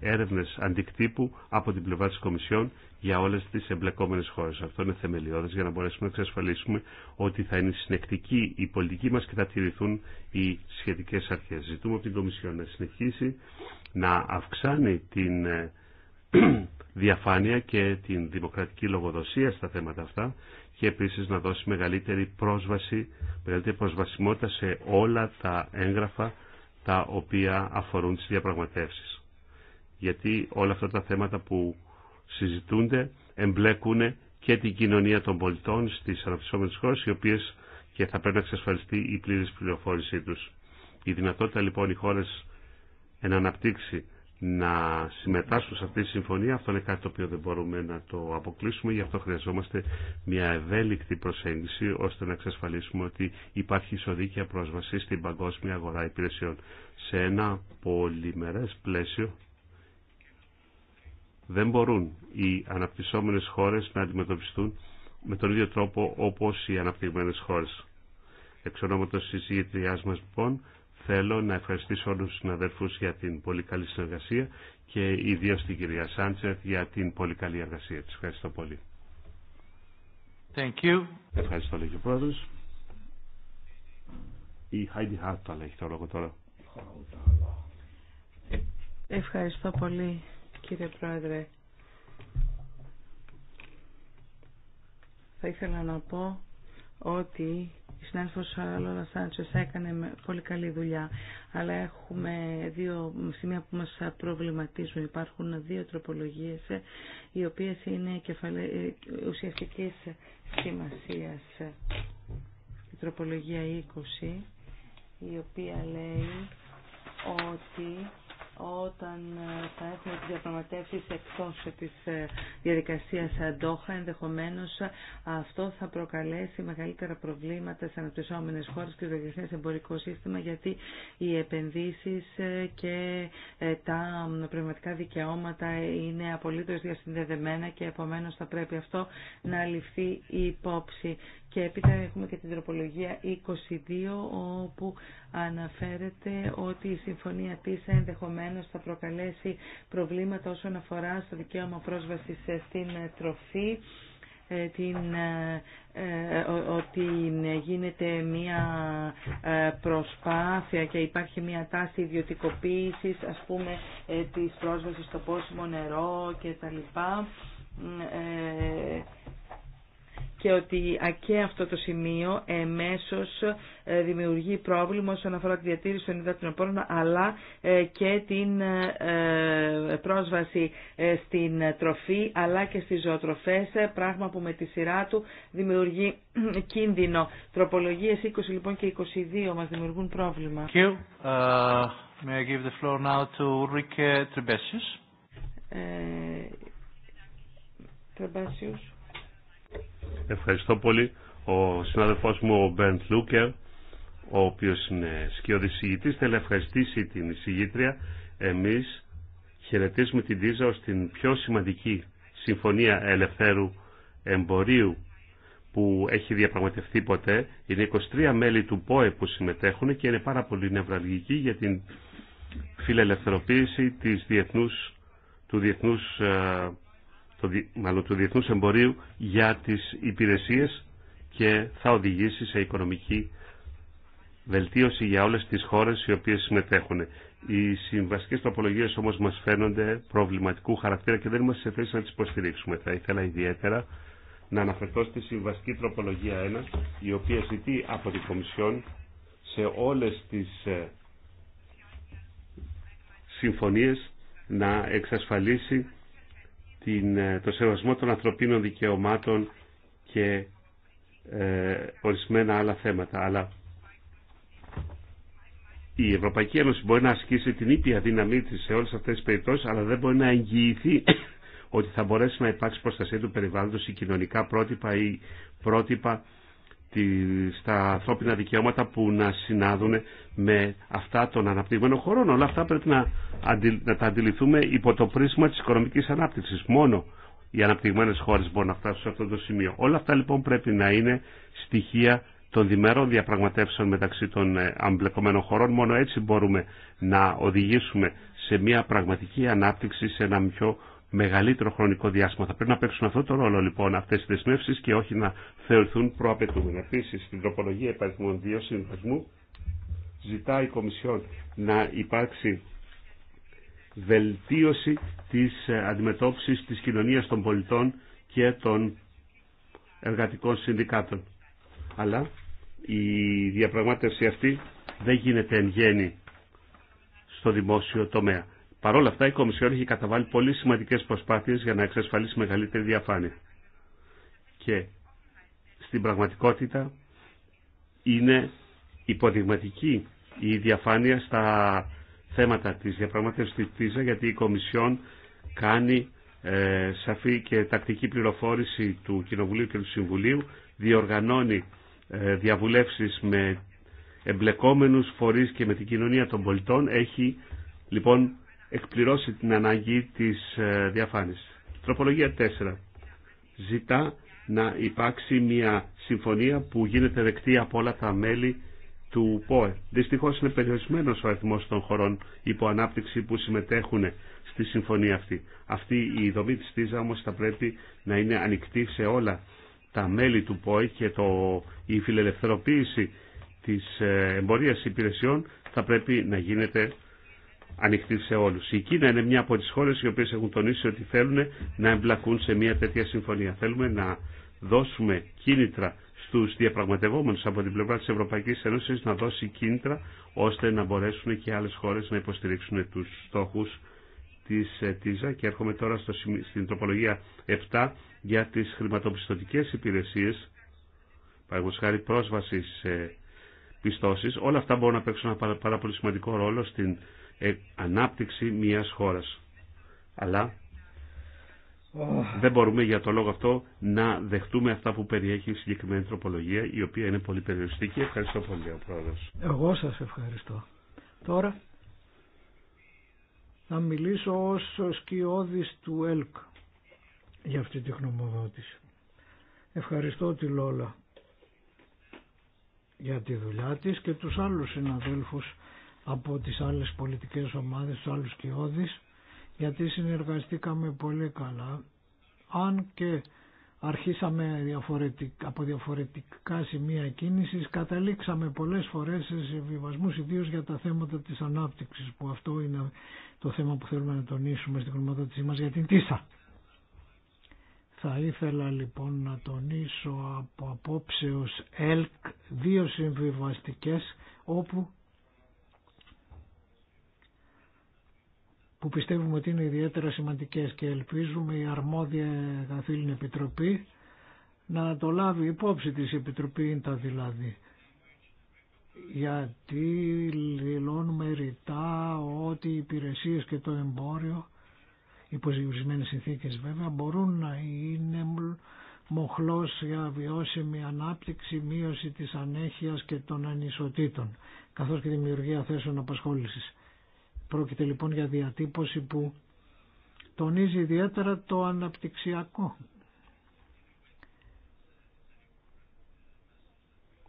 Speaker 1: έρευνες αντικτύπου από την πλευρά της Κομισιόν για όλες τις εμπλεκόμενες χώρες. Αυτό είναι θεμελιώδες για να μπορέσουμε να εξασφαλίσουμε ότι θα είναι συνεκτική η πολιτική μας και θα τηρηθούν οι σχετικές αρχές. Ζητούμε από την Κομισιόν να συνεχίσει να αυξάνει την ε, διαφάνεια και την δημοκρατική λογοδοσία στα θέματα αυτά και επίσης να δώσει μεγαλύτερη πρόσβαση, μεγαλύτερη προσβασιμότητα σε όλα τα έγγραφα τα οποία αφορούν τις διαπραγματεύσεις. Γιατί όλα αυτά τα θέματα που συζητούνται εμπλέκουν και την κοινωνία των πολιτών στις αναπτυσσόμενες χώρες, οι οποίες και θα πρέπει να εξασφαλιστεί η πλήρης πληροφόρησή τους. Η δυνατότητα λοιπόν οι χώρες να αναπτύξει να συμμετάσχουν σε αυτή τη συμφωνία. Αυτό είναι κάτι το οποίο δεν μπορούμε να το αποκλείσουμε. Γι' αυτό χρειαζόμαστε μια ευέλικτη προσέγγιση ώστε να εξασφαλίσουμε ότι υπάρχει ισοδίκια πρόσβαση στην παγκόσμια αγορά υπηρεσιών. Σε ένα πολυμερές πλαίσιο δεν μπορούν οι αναπτυσσόμενες χώρες να αντιμετωπιστούν με τον ίδιο τρόπο όπως οι αναπτυγμένες χώρες. Εξ ονόματος της μας λοιπόν Θέλω να ευχαριστήσω όλους τους συναδέλφους για την πολύ καλή συνεργασία και ιδίως την κυρία Σάντσεφ για την πολύ καλή εργασία της. Ευχαριστώ πολύ. Ευχαριστώ λέει Η Χάιντι το λόγο τώρα.
Speaker 3: Ευχαριστώ πολύ κύριε πρόεδρε. Θα ήθελα να πω ότι η συνάδελφος ε, Λόλα Σάντσες έκανε πολύ καλή δουλειά, αλλά έχουμε δύο σημεία που μας προβληματίζουν. Υπάρχουν δύο τροπολογίες, ε, οι οποίες είναι ε, ουσιαστικής σημασίας. Η τροπολογία 20, η οποία λέει ότι όταν ε, θα έχουμε τις διαπραγματεύσεις εκτός ε, της ε, διαδικασίας αντόχα, ενδεχομένως αυτό θα προκαλέσει μεγαλύτερα προβλήματα σε αναπτυσσόμενες χώρες και το διεθνές εμπορικό σύστημα, γιατί οι επενδύσεις και τα πνευματικά δικαιώματα είναι απολύτως διασυνδεδεμένα και επομένως θα πρέπει αυτό να ληφθεί υπόψη. Και έπειτα έχουμε και την τροπολογία 22 όπου αναφέρεται ότι η συμφωνία της ενδεχομένως θα προκαλέσει προβλήματα όσον αφορά στο δικαίωμα πρόσβασης ε, στην ε, τροφή ε, την, ότι γίνεται μία προσπάθεια και υπάρχει μία τάση ιδιωτικοποίησης ας πούμε της πρόσβασης στο πόσιμο νερό και τα λοιπά και ότι και αυτό το σημείο εμέσως ε, δημιουργεί πρόβλημα όσον αφορά τη διατήρηση των υδάτων πόρων αλλά ε, και την ε, πρόσβαση στην τροφή αλλά και στις ζωοτροφές πράγμα που με τη σειρά του δημιουργεί κίνδυνο. Τροπολογίες 20 λοιπόν και 22 μας δημιουργούν πρόβλημα.
Speaker 1: Ευχαριστώ πολύ. Ο συνάδελφός μου ο Μπέρντ Λούκερ, ο οποίος είναι σκιώδη συγητής, θέλει να ευχαριστήσει την συγγήτρια. Εμείς χαιρετίζουμε την Τίζα ως την πιο σημαντική συμφωνία ελευθέρου εμπορίου που έχει διαπραγματευτεί ποτέ. Είναι 23 μέλη του ΠΟΕ που συμμετέχουν και είναι πάρα πολύ νευραλγική για την φιλελευθερωποίηση της διεθνούς, του διεθνούς ε, το, μάλλον του διεθνούς εμπορίου για τις υπηρεσίες και θα οδηγήσει σε οικονομική βελτίωση για όλες τις χώρες οι οποίες συμμετέχουν. Οι συμβασικές τροπολογίες όμως μας φαίνονται προβληματικού χαρακτήρα και δεν είμαστε σε θέση να τις υποστηρίξουμε. Θα ήθελα ιδιαίτερα να αναφερθώ στη συμβασική τροπολογία 1, η οποία ζητεί από την Κομισιόν σε όλες τις ε, συμφωνίες να εξασφαλίσει την, ε, το σεβασμό των ανθρωπίνων δικαιωμάτων και ε, ορισμένα άλλα θέματα. Αλλά η Ευρωπαϊκή Ένωση μπορεί να ασκήσει την ήπια δύναμή της σε όλες αυτές τις περιπτώσεις, αλλά δεν μπορεί να εγγυηθεί ότι θα μπορέσει να υπάρξει προστασία του περιβάλλοντος ή κοινωνικά πρότυπα ή πρότυπα στα ανθρώπινα δικαιώματα που να συνάδουν με αυτά των αναπτυγμένων χωρών. Όλα αυτά πρέπει να, να τα αντιληφθούμε υπό το πρίσμα της οικονομικής ανάπτυξης. Μόνο οι αναπτυγμένες χώρες μπορούν να φτάσουν σε αυτό το σημείο. Όλα αυτά λοιπόν πρέπει να είναι στοιχεία των διμερών διαπραγματεύσεων μεταξύ των αμπλεκομένων ε, χωρών. Μόνο έτσι μπορούμε να οδηγήσουμε σε μια πραγματική ανάπτυξη σε ένα πιο μεγαλύτερο χρονικό διάστημα. Θα πρέπει να παίξουν αυτό το ρόλο λοιπόν αυτές οι δεσμεύσεις και όχι να θεωρηθούν προαπαιτούμενα. Επίση, στην τροπολογία υπαριθμών δύο συνδεσμού ζητάει η Κομισιόν να υπάρξει βελτίωση της ε, αντιμετώπισης της κοινωνίας των πολιτών και των εργατικών συνδικάτων. Αλλά η διαπραγμάτευση αυτή δεν γίνεται εν γέννη στο δημόσιο τομέα. Παρ' όλα αυτά η Κομισιόν έχει καταβάλει πολύ σημαντικές προσπάθειες για να εξασφαλίσει μεγαλύτερη διαφάνεια. Και στην πραγματικότητα είναι υποδειγματική η διαφάνεια στα θέματα της διαπραγματεύσης της ΤΙΖΑ γιατί η Κομισιόν κάνει ε, σαφή και τακτική πληροφόρηση του Κοινοβουλίου και του Συμβουλίου διοργανώνει ε, διαβουλεύσεις με εμπλεκόμενους φορείς και με την κοινωνία των πολιτών έχει λοιπόν εκπληρώσει την ανάγκη της ε, διαφάνειας. Τροπολογία 4. Ζητά να υπάρξει μια συμφωνία που γίνεται δεκτή από όλα τα μέλη του ΠΟΕ. Δυστυχώς είναι περιορισμένος ο αριθμός των χωρών υπό ανάπτυξη που συμμετέχουν στη συμφωνία αυτή. Αυτή η δομή της ΤΙΖΑ όμως θα πρέπει να είναι ανοιχτή σε όλα τα μέλη του ΠΟΕ και το, η φιλελευθερωποίηση της ε, εμπορίας υπηρεσιών θα πρέπει να γίνεται ανοιχτή σε όλου. Η Κίνα είναι μια από τι χώρε οι οποίε έχουν τονίσει ότι θέλουν να εμπλακούν σε μια τέτοια συμφωνία. Θέλουμε να δώσουμε κίνητρα στου διαπραγματευόμενου από την πλευρά τη Ευρωπαϊκή Ένωση να δώσει κίνητρα ώστε να μπορέσουν και άλλε χώρε να υποστηρίξουν του στόχου τη ε, ΤΙΖΑ. Και έρχομαι τώρα στο, στην τροπολογία 7 για τι χρηματοπιστωτικέ υπηρεσίε. Παραδείγματο χάρη πρόσβαση σε πιστώσει. Όλα αυτά μπορούν να παίξουν ένα πάρα πολύ σημαντικό ρόλο στην ε, ανάπτυξη μιας χώρας. Αλλά δεν μπορούμε για το λόγο αυτό να δεχτούμε αυτά που περιέχει η συγκεκριμένη τροπολογία, η οποία είναι πολύ περιοριστική. Ευχαριστώ πολύ, ο Πρόεδρος.
Speaker 2: Εγώ σας ευχαριστώ. Τώρα θα μιλήσω ως σκιώδης του ΕΛΚ για αυτή τη χνομοδότηση. Ευχαριστώ τη Λόλα για τη δουλειά της και τους άλλους συναδέλφους από τις άλλες πολιτικές ομάδες, τους άλλους κοιόδης, γιατί συνεργαστήκαμε πολύ καλά. Αν και αρχίσαμε από διαφορετικά σημεία κίνησης, καταλήξαμε πολλές φορές σε συμβιβασμού ιδίως για τα θέματα της ανάπτυξης, που αυτό είναι το θέμα που θέλουμε να τονίσουμε στην χρηματοδότησή μας για την ΤΙΣΑ. Θα ήθελα λοιπόν να τονίσω από απόψεως ΕΛΚ δύο συμβιβαστικές όπου που πιστεύουμε ότι είναι ιδιαίτερα σημαντικές και ελπίζουμε η αρμόδια καθήλυνη επιτροπή να το λάβει υπόψη της επιτροπή τα δηλαδή. Γιατί δηλώνουμε ρητά ότι οι υπηρεσίες και το εμπόριο υποζημισμένες συνθήκες βέβαια μπορούν να είναι μοχλός για βιώσιμη ανάπτυξη, μείωση της ανέχειας και των ανισοτήτων καθώς και δημιουργία θέσεων απασχόλησης. Πρόκειται λοιπόν για διατύπωση που τονίζει ιδιαίτερα το αναπτυξιακό.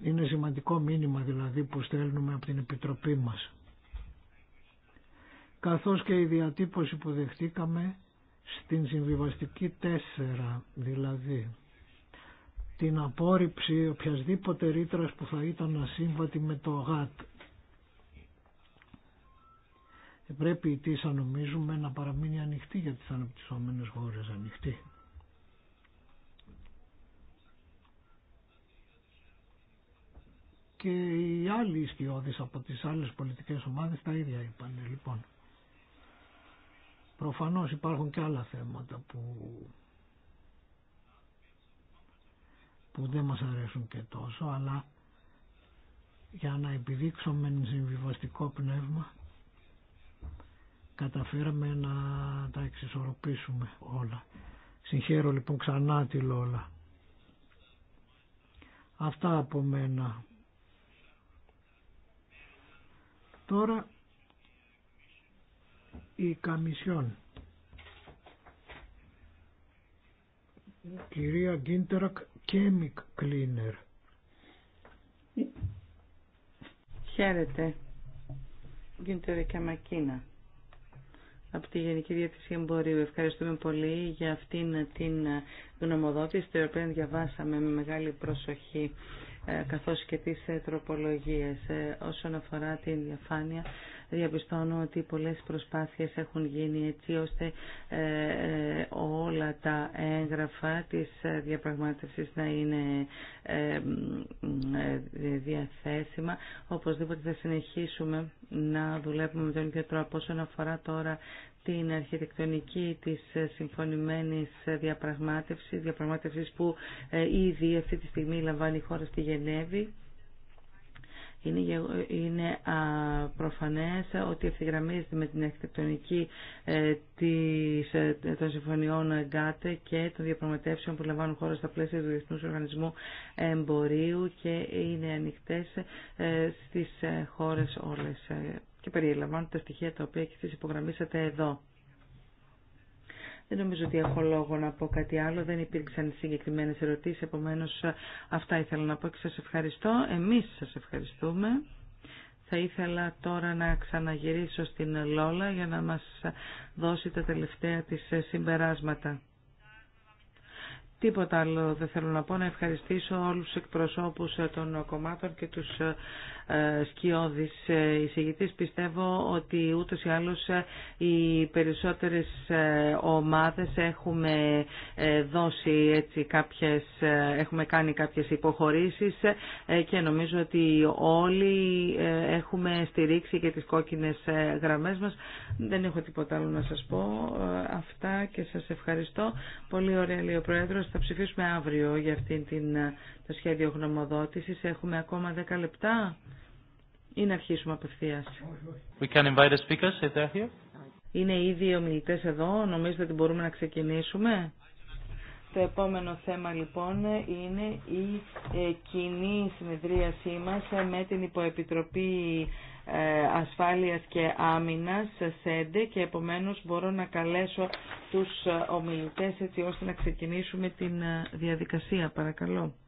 Speaker 2: Είναι σημαντικό μήνυμα δηλαδή που στέλνουμε από την Επιτροπή μας. Καθώς και η διατύπωση που δεχτήκαμε στην συμβιβαστική 4 δηλαδή την απόρριψη οποιασδήποτε ρήτρας που θα ήταν ασύμβατη με το ΓΑΤ ε, πρέπει η ΤΙΣΑ νομίζουμε να παραμείνει ανοιχτή για τις αναπτυσσόμενες χώρες ανοιχτή. Και οι άλλοι ισχυώδεις από τις άλλες πολιτικές ομάδες τα ίδια είπαν. Λοιπόν, προφανώς υπάρχουν και άλλα θέματα που, που δεν μας αρέσουν και τόσο, αλλά για να επιδείξουμε συμβιβαστικό πνεύμα καταφέραμε να τα εξισορροπήσουμε όλα. Συγχαίρω λοιπόν ξανά τη Λόλα. Αυτά από μένα. Τώρα η Καμισιόν. Κυρία Γκίντερακ Κέμικ Κλίνερ. Χαίρετε.
Speaker 3: Γκίντερακ και Μακίνα από τη Γενική Εμπορίου. Ευχαριστούμε πολύ για αυτήν την γνωμοδότηση, την οποία διαβάσαμε με μεγάλη προσοχή ε, καθώς και τις ε, τροπολογίες ε, όσον αφορά την διαφάνεια διαπιστώνω ότι πολλές προσπάθειες έχουν γίνει έτσι ώστε ε, ε, όλα τα έγγραφα της ε, διαπραγμάτευσης να είναι διαθέσιμα. Οπωσδήποτε θα συνεχίσουμε να δουλεύουμε με τον ίδιο τρόπο όσον αφορά τώρα την αρχιτεκτονική της συμφωνημένης διαπραγμάτευσης, διαπραγμάτευσης που ήδη αυτή τη στιγμή λαμβάνει η χώρα στη Γενέβη. Είναι, είναι προφανές ότι ευθυγραμμίζεται με την αρχιτεκτονική ε, της, ε, των συμφωνιών ΓΚΑΤ και των διαπραγματεύσεων που λαμβάνουν χώρα στα πλαίσια του Διεθνούς Οργανισμού Εμπορίου και είναι ανοιχτές ε, στις χώρες όλες και περιλαμβάνουν τα στοιχεία τα οποία και εσείς υπογραμμίσατε εδώ. Δεν νομίζω ότι έχω λόγο να πω κάτι άλλο. Δεν υπήρξαν συγκεκριμένε ερωτήσεις, επομένως αυτά ήθελα να πω και σα ευχαριστώ. Εμείς σας ευχαριστούμε. Θα ήθελα τώρα να ξαναγυρίσω στην Λόλα για να μας δώσει τα τελευταία της συμπεράσματα. Τίποτα άλλο δεν θέλω να πω. Να ευχαριστήσω όλους τους εκπροσώπους των κομμάτων και τους σκιώδης ε, εισηγητής. Πιστεύω ότι ούτως ή άλλως ε, οι περισσότερες ε, ομάδες έχουμε δώσει έτσι κάποιες, έχουμε κάνει κάποιες υποχωρήσεις και νομίζω ότι όλοι έχουμε στηρίξει και τις κόκκινες γραμμές μας. Δεν έχω τίποτα άλλο να σας πω. Αυτά και σας ευχαριστώ. Πολύ ωραία λέει ο Πρόεδρος. Θα ψηφίσουμε αύριο για αυτήν την το σχέδιο γνωμοδότησης. Έχουμε ακόμα 10 λεπτά ή να αρχίσουμε απευθείας. Είναι ήδη οι ομιλητές εδώ. Νομίζετε ότι μπορούμε να ξεκινήσουμε. Το επόμενο θέμα λοιπόν είναι η ε, κοινή συνεδρίασή μας με την Υποεπιτροπή ε, Ασφάλειας και Άμυνας ΣΕΝΤΕ και επομένως μπορώ να καλέσω τους ε, ομιλητές έτσι ώστε να ξεκινήσουμε την διαδικασία. Παρακαλώ.